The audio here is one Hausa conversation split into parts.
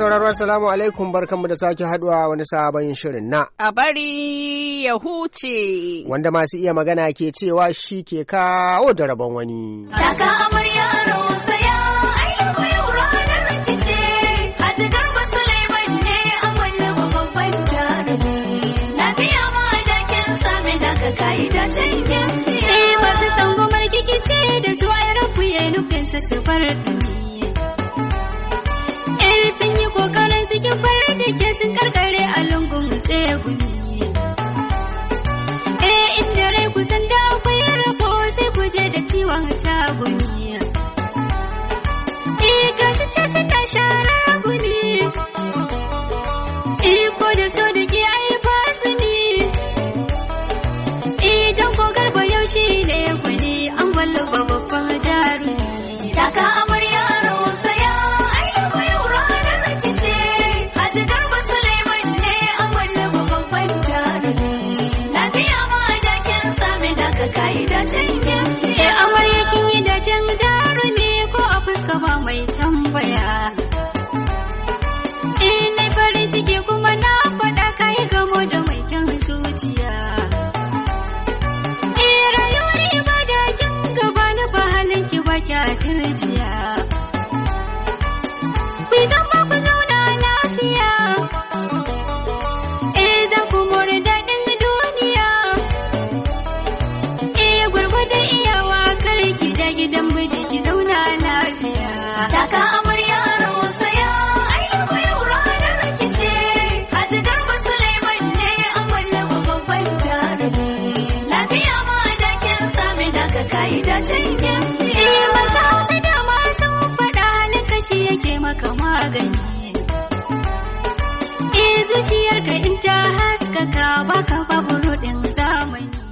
sauraro assalamu alaikum barkanmu da sake haduwa wani sabon shirin na. A bari ya huce. Wanda masu iya magana ke cewa shi ke kawo da rabon wani. Taka amarya rausaya ayyuka yau ranar rikice a jigar Suleiman ne amalla babban jarumi. Lafiya ma da kin sami daga ka'ida can yin. Eh masu tsangomar rikice da su ya rufu ya nufinsa su bar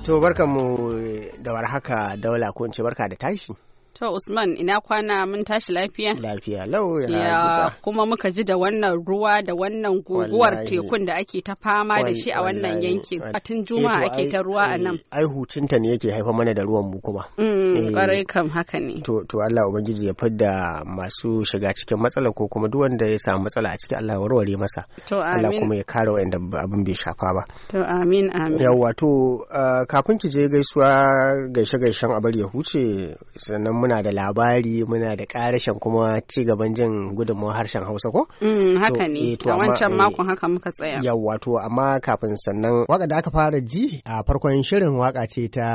To barkanmu eh, da warhaka daula ko in ce barka da tashi. To Usman ina kwana mun tashi lafiya? Lafiya lau ya kuma muka ji da wannan ruwa da wannan guguwar tekun da ake ta fama da shi a wannan yankin. A tun eh, juma'a ake ta ruwa a eh, nan. Ai hucinta ne yake haifa mana da ruwan mu kuma. Kwarai mm, eh. kam haka ne. To to Allah ubangiji ya fidda masu shiga cikin matsala ko kuma duk wanda ya samu matsala a cikin Allah ya warware masa. To amin. Allah kuma ya kare wa'anda abin bai shafa ba. To amin amin. Yawwa to kafin ki je gaisuwa gaishe gaishen abar ya huce sannan muna da labari muna da karashen kuma ci gaban jin gudunmawar harshen hausa ko? Mm, haka ne eh, a wancan eh, makon haka muka tsaya yawwa to amma kafin sannan waka da aka fara ji a farkon shirin waka ce ta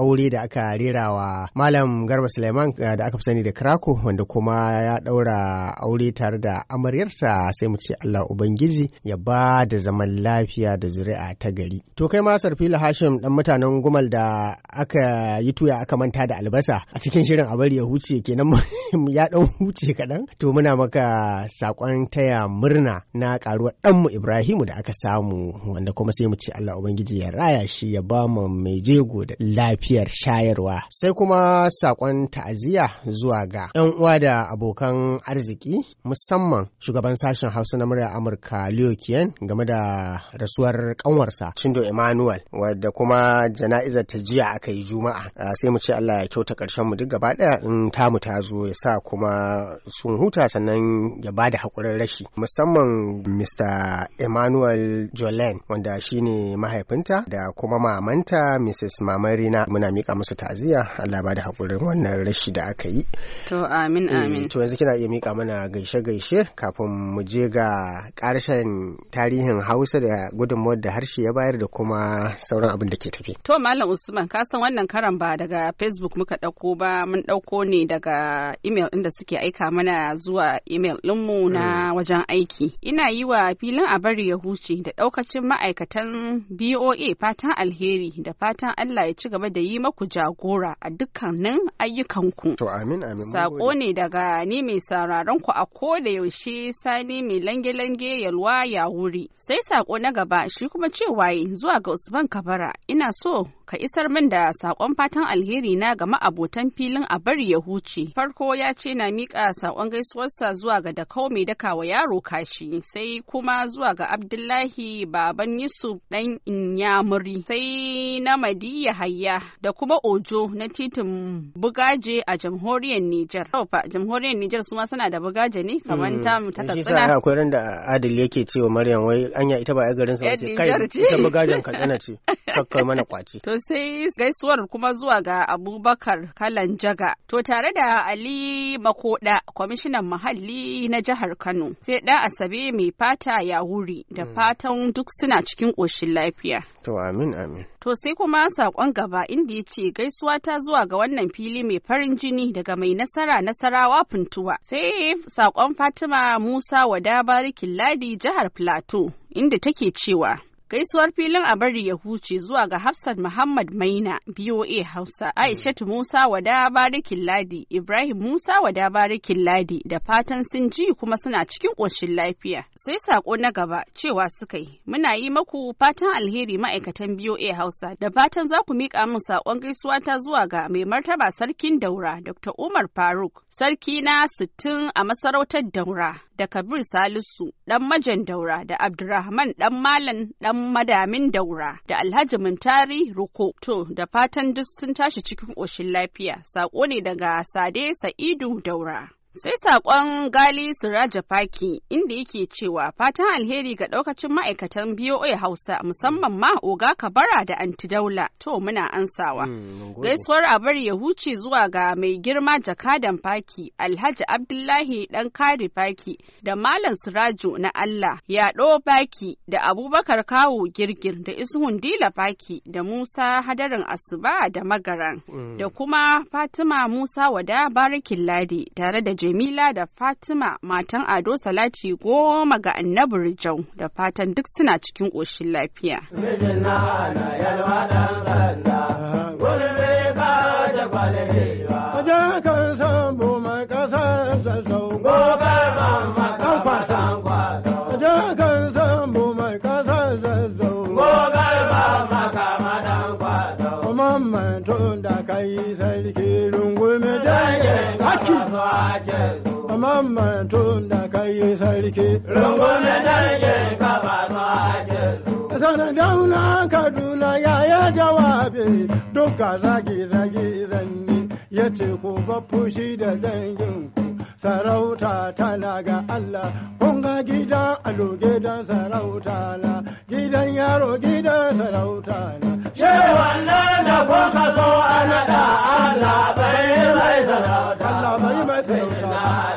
aure da aka rera wa malam garba suleiman eh, da aka fi sani da krako wanda kuma ya daura aure tare da amaryarsa sai mu ce allah ubangiji ya ba da zaman lafiya da zuri'a ta gari to kai ma sarfila hashim dan mutanen gumal da aka yi tuya aka manta da albasa a cikin shirin abu bari ya huce kenan ya dan huce kaɗan to muna maka sakon taya murna na karuwar ɗanmu Ibrahimu da aka samu wanda kuma sai mu ce Allah Ubangiji ya raya shi ya ba mu mai jego da lafiyar shayarwa sai kuma sakon ta'aziyya zuwa ga 'yan uwa da abokan arziki musamman shugaban sashen Hausa na murya Amurka Leo Kien game da rasuwar ƙanwarsa Chindo Emmanuel wadda kuma jana'izar ta jiya aka yi Juma'a ah, sai mu ce Allah ya kyauta karshen mu duk gaba ɗaya magana in tamu ta zo ya sa kuma sun huta sannan ya ba da haƙurin rashi musamman mr emmanuel jolen wanda shine mahaifinta da kuma mamanta mrs mamarina muna mika musu ta'aziyya allah ba da haƙurin wannan rashi da aka yi to amin eh, amin to yanzu kina iya mika mana gaishe gaishe kafin mu je ga ƙarshen tarihin hausa da gudunmuwar da harshe ya bayar da kuma sauran abin da ke tafi to malam usman ka san wannan karan ba daga facebook muka ɗauko ba mun ɗauko ɗauko ne daga email ɗin da suke aika mana zuwa email ɗinmu na mm. wajen aiki. Ina yi wa filin a bari ya huce da ɗaukacin ma'aikatan BOA fatan alheri da fatan Allah ya ci gaba da yi maku jagora a dukkanin ayyukanku. To amin amin. Sako ne daga ni mai sararen ku a ko da yaushe sani mai lange-lange yalwa ya wuri. Sai sako na gaba shi kuma cewa zuwa ga Usman Kabara ina so ka isar min da sakon fatan alheri na ga ma'abotan filin a bari ya huce. Farko ya ce na miƙa sakon gaisuwarsa zuwa ga da Dakau mai daka wa yaro kashi sai kuma zuwa ga Abdullahi baban Yusuf dan Inyamuri sai na Madiya Hayya da kuma Ojo na titin Bugaje a jamhuriyar Nijar. jamhuriyar Nijar su ma suna da bugaje ne kamar hmm, ta mu ta akwai da Adil yake cewa Maryam wai anya ita ba a garin sa ce kai ita bugajen tsana ce. kakkar mana kwaci. To sai gaisuwar kuma zuwa ga Abubakar Kalan Jaga. To tare da Ali Makoda, kwamishinan muhalli na jihar Kano. Sai ɗan Asabe mai fata ya wuri da hmm. fatan duk suna cikin ƙoshin lafiya. To amin amin. To sai kuma saƙon gaba inda ya ce gaisuwa ta zuwa ga wannan fili mai farin jini daga mai nasara nasarawa funtuwa. Sai saƙon Fatima Musa Wada Barikin Ladi jihar Plateau inda take cewa Gaisuwar filin a bari ya huce zuwa ga Hafsat Muhammad Maina, BOA Hausa, Aishatu Musa wa barikin ladi, Ibrahim Musa wa barikin ladi da fatan sun ji kuma suna cikin ƙoshin lafiya. Sai sako na gaba cewa suka yi, muna yi maku fatan alheri ma'aikatan BOA Hausa da fatan za ku miƙa min saƙon gaisuwa ta zuwa ga mai martaba sarkin daura Dr. Umar Faruk, sarki na sittin a masarautar daura da Kabir Salisu ɗan majan daura da Abdurrahman ɗan malam ɗan madamin daura da Alhaji Muntari Ruko. To da fatan duk sun tashi cikin ƙoshin lafiya. saƙo ne daga Sade Sa'idu Daura. Sai saƙon Gali Siraja Faki inda yake cewa fatan alheri ga ɗaukacin ma'aikatan BOA Hausa musamman ma Oga Kabara da Antidaula to muna ansawa. Hmm, Gaisuwar a bari ya huce zuwa ga mai girma jakadan Faki Alhaji Abdullahi ɗan kari Faki da Malam Siraju na Allah Yaɗo Faki da Abubakar Kawu Girgir da Ishun Dila Faki da Musa Hadarin Asuba da Magaran hmm. da kuma Fatima Musa Wada Barikin Ladi tare da Jamila da Fatima matan Ado Salati goma ga Annabi Rijau da fatan duk suna cikin ƙoshin lafiya. Mijin na a ba tun da kai sarki rungume dangin ka ba su sanadauna kaduna ya ya jawabi duka zagi zagi zanni ya ce ku ba fushi da dangin ku sarauta tana ga Allah kunga gidan alo gidan sarauta na gidan yaro gidan sarauta na cewa nan da kuka so a naɗa Allah bai mai sarauta Allah bai mai sarauta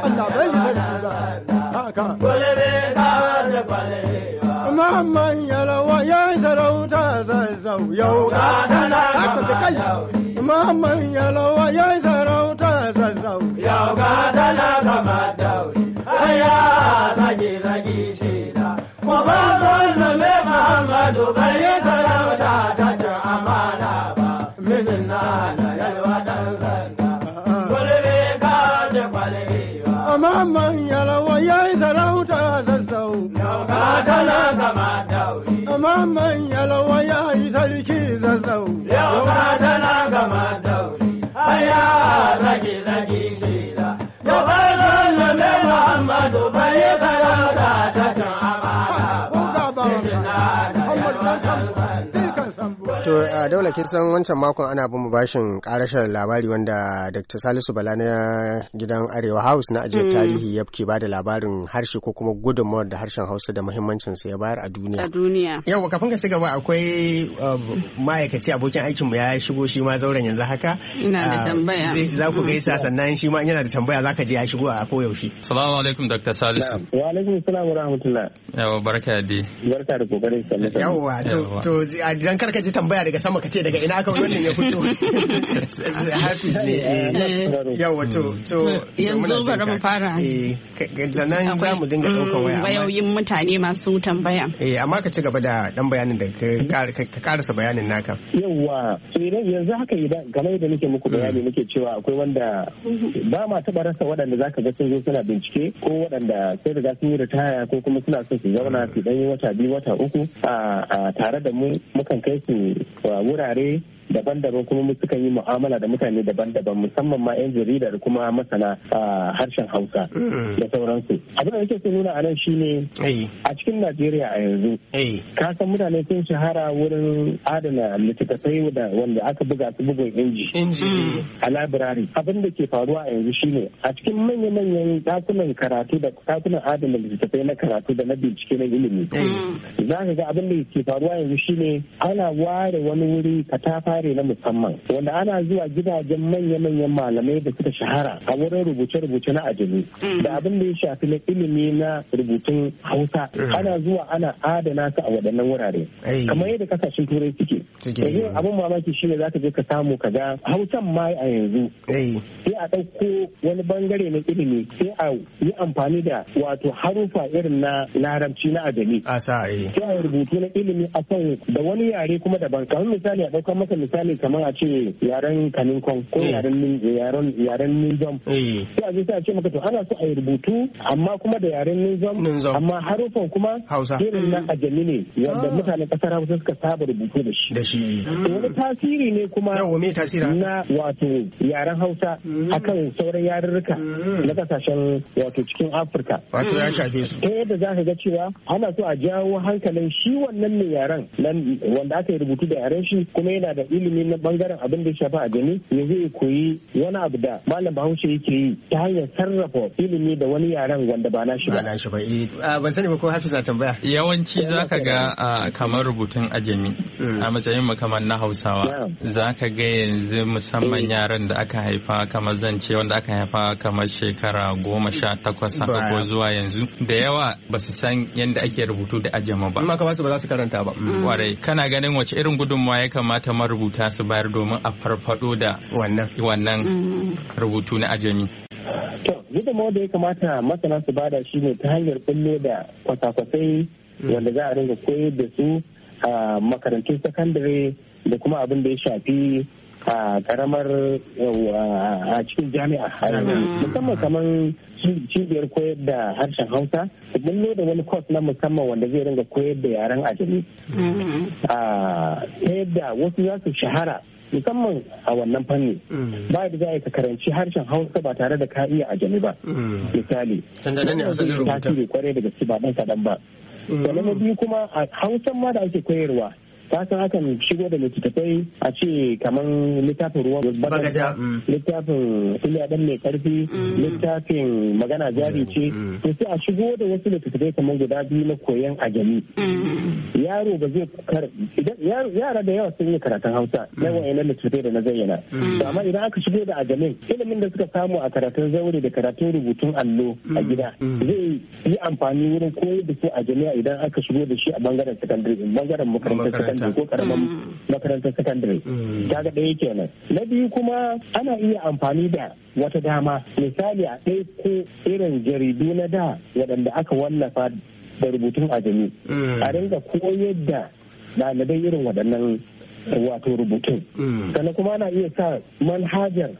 Allah bai mai sarauta haka kulbe kawar da kwalbe Muhammad yalawa ya sarauta zau yau ga tana haka kai Muhammad yalawa ya sarauta Yau ga talaka a daula kin san wancan makon ana bin bashin karashen labari wanda Dr. Salisu Bala na gidan Arewa House na ajiyar mm. tarihi ya ke bada labarin harshe ko kuma gudunmawar da harshen Hausa da muhimmancin sa ya bayar a duniya. A duniya. Yau kafin ka gaba akwai um, ma'aikaci abokin aikin mu ya shigo shi ma zauren yanzu haka. Ina da ah, tambaya. Za ku gaisa sannan shi ma yana da tambaya za ka je ya shigo a koyaushe. Salamu alaikum Dr. Salisu. Wa alaikum salam wa rahmatullah. Yawa barka da. Barka da kokarin sannan. Yawa to to dan karka ji tambaya daga sama mu ka ce daga ina aka wannan ya fito hafiz ne eh. yawa to to yanzu bari mu fara eh, sannan za mu dinga ɗaukan waya wayoyin mutane masu tambaya eh amma ka ci gaba da dan bayanin da ka karasa bayanin naka yawa yanzu haka idan game da nake muku mm. bayani nake cewa akwai wanda ba ma taba rasa waɗanda zaka ga sun zo suna bincike ko waɗanda sai riga sun yi ritaya ko kuma suna son su zauna su dan yi wata biyu wata uku a tare da mu mukan kai su wurare daban-daban kuma sukan yi mu'amala da mutane daban-daban musamman ma 'yan jarida da kuma masana a harshen hausa mm. da sauransu abin da nake so nuna a nan shine a cikin najeriya a yanzu ka san mutane sun shahara wurin adana littattafai wanda aka buga su bugun inji a labirari abin da ke faruwa a yanzu shine a cikin manya-manyan dakunan karatu da dakunan adana littattafai na karatu da na bincike na ilimi za ka ga abin da ke faruwa yanzu shine ana ware wani wuri katafa tsare na musamman wanda ana zuwa gidajen manya-manyan malamai da suka shahara a wurin rubuce-rubuce na ajami mm. da abin da ya shafi na ilimi na rubutun hausa mm. ana zuwa ana adana su a waɗannan wurare kamar yadda kasashen turai suke yanzu abin mamaki shi shine za ka je ka samu ka ga hausan ma a yanzu sai a ɗauko wani bangare na ilimi sai a yi amfani da wato harufa irin na larabci na ajami sai a rubutu na ilimi a kan da wani yare kuma daban kamar misali a ɗaukar masa misali kamar a ce yaren kaninkon ko eh. yaren yaren yaren eh. a je sa ce maka to ana so a yi rubutu amma kuma da yaren ninjom amma harufan kuma irin na hmm. ajami ne wanda ah. mutanen kasar hausa suka saba rubutu da shi wani tasiri ne kuma na wato yaren hausa hmm. akan sauran yarurruka hmm. na kasashen wato cikin afirka wato ya shafe su ta yadda za ka ga cewa ana so a jawo hankalin shi wannan ne yaren wanda aka yi rubutu da yaren shi kuma yana da ilimi na bangaren abin da shafa a gani ya zai koyi wani abu da malam bahaushe yake yi ta hanyar sarrafa ilimi da wani yaren wanda ba na shi ba. Na ba eh, ban sani ba ko hafiza tambaya. Yawanci za ka ga kamar rubutun ajami hmm. a matsayin kamar na Hausawa Za ka ga yanzu musamman hmm. yaran da aka haifa kamar zance wanda aka haifa kamar shekara goma sha takwas ko zuwa yanzu da yawa ba su san yadda ake rubutu da ajama ba. Amma ka ba su ba za su karanta ba. Hmm. Kwarai kana ganin wace irin gudunmawa ya kamata marubuta rubuta su bayar domin a farfado da wannan mm-hmm. rubutu na ajami to gudunmawa da ya kamata masana su bada shi ne ta hanyar kullo da kwasa-kwasai mm. wanda za a ringa koyar da su a makarantun sakandare da kuma abin da ya shafi a karamar a cikin jami'a musamman kamar cibiyar koyar da harshen hausa su bullo da wani kwas na musamman wanda zai ringa koyar da yaren ajami ta yadda wasu za su shahara musamman a wannan fanni ba da za ka karanci harshen hausa ba tare da ka iya ajami ba misali tasiri kwarai da gaske ba dan kadan ba sannan na biyu kuma a hausan ma da ake koyarwa ka san akan shigo da littattafai a ce kamar littafin ruwan bagaja mm. littafin filiya dan mai karfi mm. littafin magana jari mm. ce to sai a shigo da wasu littattafai kamar guda biyu na koyon ajami yaro ba zai yara da yawa sun yi karatun hausa yawa wayannan littattafai da na zayyana amma idan aka shigo da ajamin ilimin da suka samu a karatun zaure da karatun rubutun allo a gida zai yi amfani wurin koyar da su a idan aka shigo da shi a bangaren sakandare bangaren makarantar secondary ko karamar mm. makarantar secondary mm. kaga ɗaya kenan na biyu kuma ana iya amfani da wata dama misali a ɗaiko ko irin jaridu na da waɗanda aka wallafa da rubutun ajami mm. a ringa koyar da ɗalibai irin waɗannan wato rubutun sannan kuma ana iya sa manhajar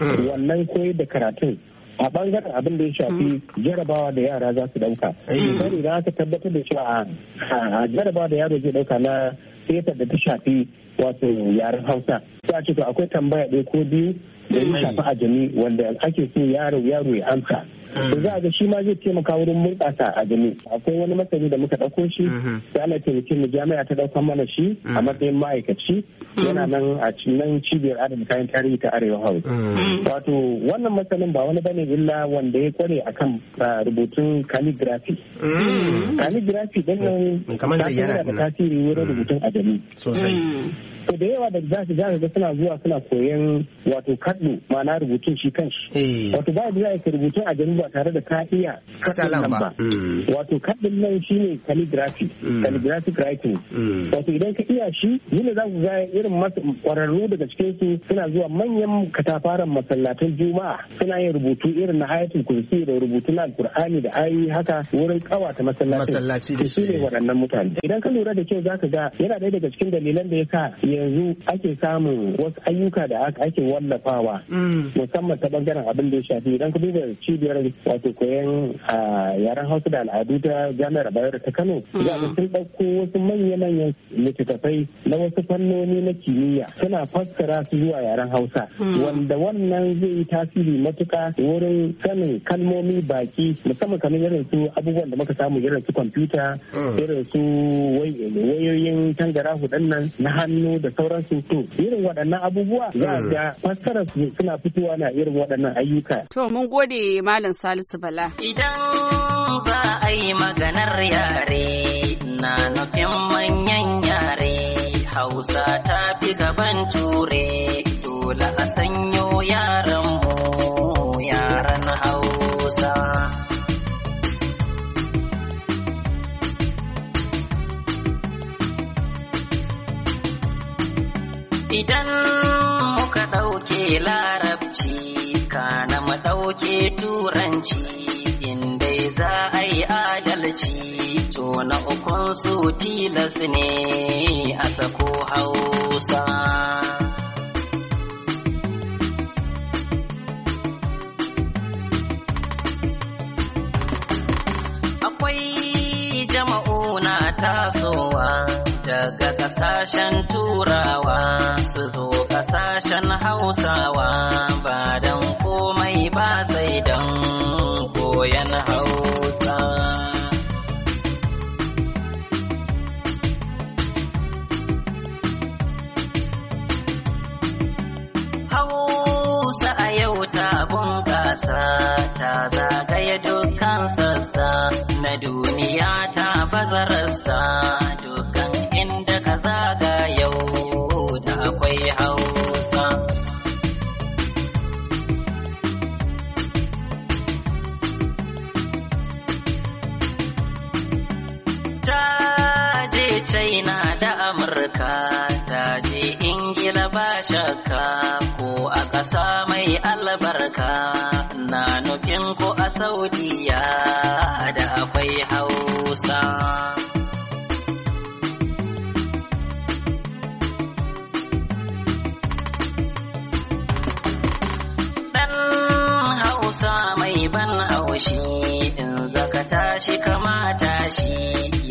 wannan koyar da karatun a bangaren abin da ya shafi jarabawa da yara za su dauka eh. misali da aka tabbatar da cewa a jarabawa da yaro zai dauka na fetar da ta shafi wato yaren hausa za a ce to akwai tambaya ɗaya ko biyu da ya shafi ajami wanda ake so yaro yaro ya amsa to za a ga shi ma zai taimaka wurin murƙasa ajami akwai wani masani da muka ɗauko shi da mhm. ana taimake mu jami'a ta ɗauka mana shi a mhm. matsayin ma'aikaci yana mhm. nan a nan cibiyar adana kayan tarihi ta arewa house wato wannan masanin ba wani bane illa wanda ya kware a kan rubutun calligraphy calligraphy din nan da tasiri wurin rubutun ajami sosai da yawa da za su ga suna zuwa suna koyon wato haɗu ma'ana rubutun shi eh. wato ba da za rubutu a gani ba tare da ka iya kasalan ba hmm. wato kaɗin nan shi ne calligraphy hmm. calligraphic writing hmm. wato idan ka iya shi yine za ku ga irin kwararru daga cikin su suna zuwa manyan katafaren masallatan juma'a suna yin rubutu irin na hayatul kursi da rubutu na alkur'ani da ayi haka wurin ƙawata masallaci su ne waɗannan mutane idan ka lura da kyau za ka ga yana ɗaya daga cikin dalilan da ya sa yanzu ake samun wasu ayyuka da ake wallafawa yawa mm. musamman ta bangaren abin da ya shafi idan ka duba cibiyar wato koyon yaren hausa da al'adu ta jami'ar bayero ta kano mm. za mu sun ɗauko wasu manya-manyan littattafai na wasu fannoni na kimiyya suna fassara su zuwa yaren hausa mm. wanda wannan zai yi tasiri matuka wurin sanin kalmomi baki musamman kamar irin su abubuwan da muka samu irin su kwamfuta irin su wayoyin tangarahu nan na hannu da sauransu to irin waɗannan abubuwa za a ga fassarar suna fitowa na irin waɗannan ayyuka. To mun gode Malam Salisu Bala. Idan za a yi maganar yare na nufin manyan yare Hausa ta fi gaban ture dole a sanyo yaran mu larabci kana madauke turanci inda za a yi adalci to na ukun su tilas ne a sako hausa akwai jama'una ta daga kasashen turawa su zo kasashen hausawa ba don komai ba sai don koyan hausa hausa a yau ta bunƙasa ta zagaye dukkan sassa na duniya ta bazararsa Ka ta je ingila ba shakka ko a ƙasa mai albarka na nufin ko a saudiya da akwai hausa Hausa mai ban haushi in zaka tashi kamata shi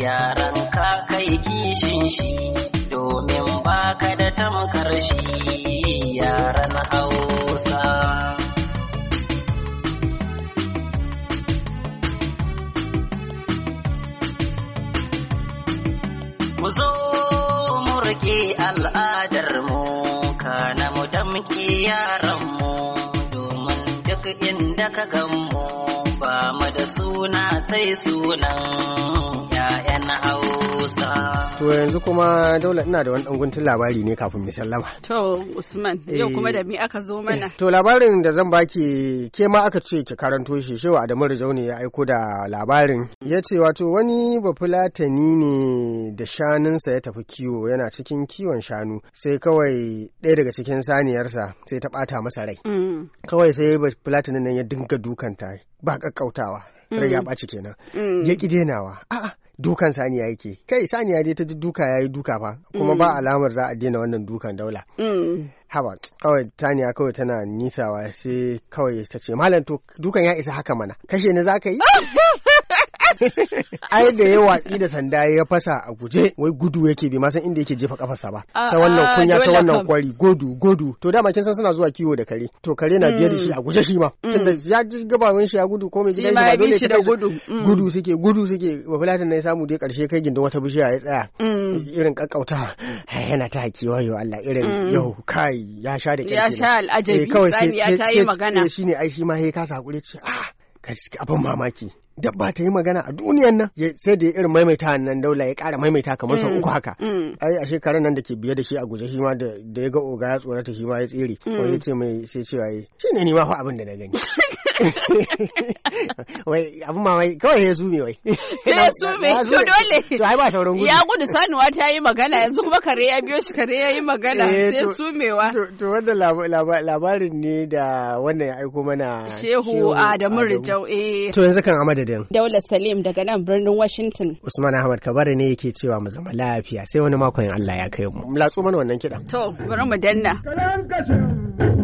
yaran ka kai kishin shi domin baka da tamkar shi yaran hausa. mu zo mu riƙe al'adarmu kana mu yaran yaranmu domin duk inda ka gamu ba mu da suna sai sunan ‘ya'yan hausa. To yanzu kuma daula ina da wani guntun labari ne kafin mu sallama. To Usman yau kuma da mi aka zo mana? Eh, to labarin da zan baki ke ma aka ce ki karanto shi shewa Adamu Rijau ne ya aiko da labarin. Ya ce wato wani bafulatani ne da shanunsa ya tafi kiwo yana cikin kiwon shanu sai kawai ɗaya daga cikin saniyarsa sai ta ɓata masa rai. Mm. Kawai sai bafulatani nan ya dinga dukanta ba ƙaƙƙautawa. Rai ya mm. ɓaci kenan. Mm. Ya ƙi denawa. A'a dukan saniya yake kai saniya dai ta duka yayi duka fa kuma ba mm. alamar za a daina wannan dukan daula mm. haba kawai saniya kawai tana nisawa sai kawai ta ce malam to dukan ya isa haka mana kashe ni za ka yi ai da ya watsi da sanda ya fasa a guje wai gudu yake bi ma san inda yake jefa kafarsa ba ah, ta wannan ah, kunya ta wannan kwari godu godu to dama kin san suna zuwa kiwo da kare to kare na biyar da shi mm. a guje shi ma mm. tunda ya ji gabawan shi ya gudu ko mai gidan shi ba dole shi da gudu mm. gudu suke gudu suke ba filatin ne ya samu dai karshe kai gindin wata bishiya ya tsaya irin kakkauta yana ta hakiwa wayo Allah irin yau kai ya sha da kirki ya sha al'ajabi eh, kawai sai sai eh, shi ne ai shi ma ya kasa hakuri ce ah abin mamaki dabba ta yi magana a duniyan nan sai da irin maimaita nan daula ya kara maimaita kamar sau mm, uku haka mm. ai a shekarar nan da ke biye da shi a guje shi ma da ya ga oga ya tsorata shi ma ya tsere ko mm. ya ce mai sai cewa shi ne ni ma fa abin da na gani wai abin wai kawai ya zume wai sai ya zume to dole to ai ba sauran gudu ya gudu sanuwa ta yi magana yanzu kuma kare ya biyo shi kare ya yi magana eh, sai sumewa to wanda labarin ne da wannan ya aiko mana shehu adamu rijau eh to yanzu kan amadadin daula salim daga nan birnin washington usman ahmad kabari ne yake cewa mu zama lafiya sai wani makon Allah ya kai mu mu latsu mana wannan kidan to bari mu danna kalam kashin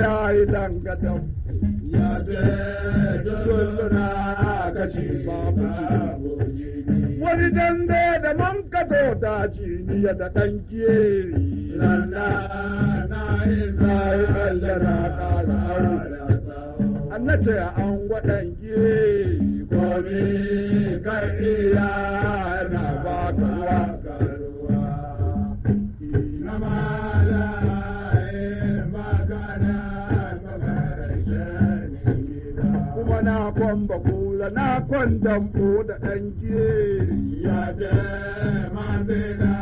ya yi dangadam ya ce dulluna kashi babu wani dande da man ka tota jiniya da ɗan kiyeri. Lalla na Israel Allah na ƙara Anna ce an waɗan kiyeri. Komi kan na ba ka kwamba kula na kwandan po da ɗan jeri ya je mazina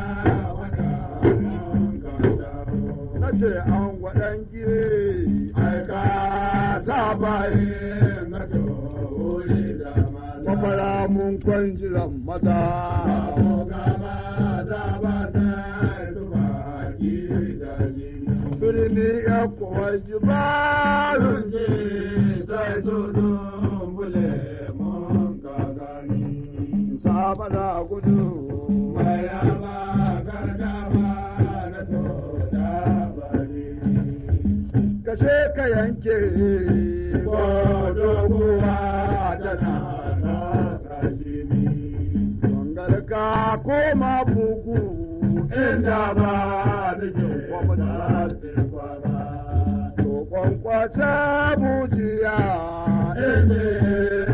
wata na ce an waɗan jeri aika sabaye na tori da maza kwakwara mun kwanjiran maza Birni ya kuwa jibarun je sai za gudu Kashe ka yanke ko doguwa tana na koma bugu inda ba da jin kwamata. bujiya inda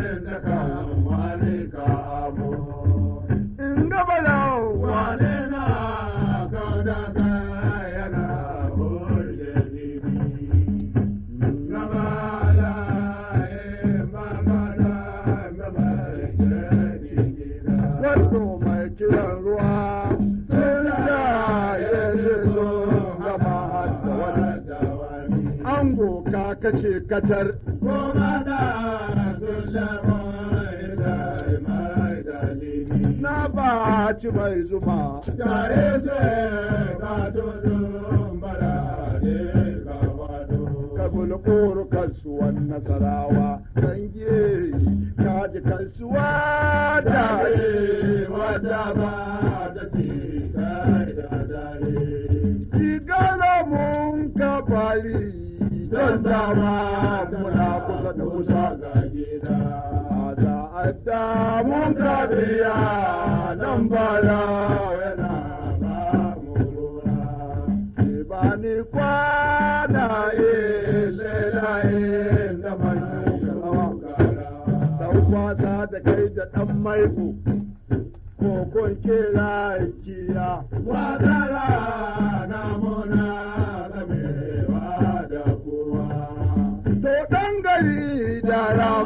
ta ce katar. Goma da zulama Na ba ci mai zuba Tare ce ka tozon ka Ka nasarawa. Kange ka ji kasuwa da wata ba. Zazzara muna kusa da kusa ga gida. Da adda mun kabiya nan bara yana ba mu rura. Ba ni kwana ilelaye da manyan Daukwata da kai da ɗan maiko. Kokon kira kiya. Wazara na muna.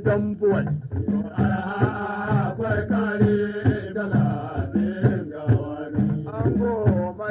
Dumb boy.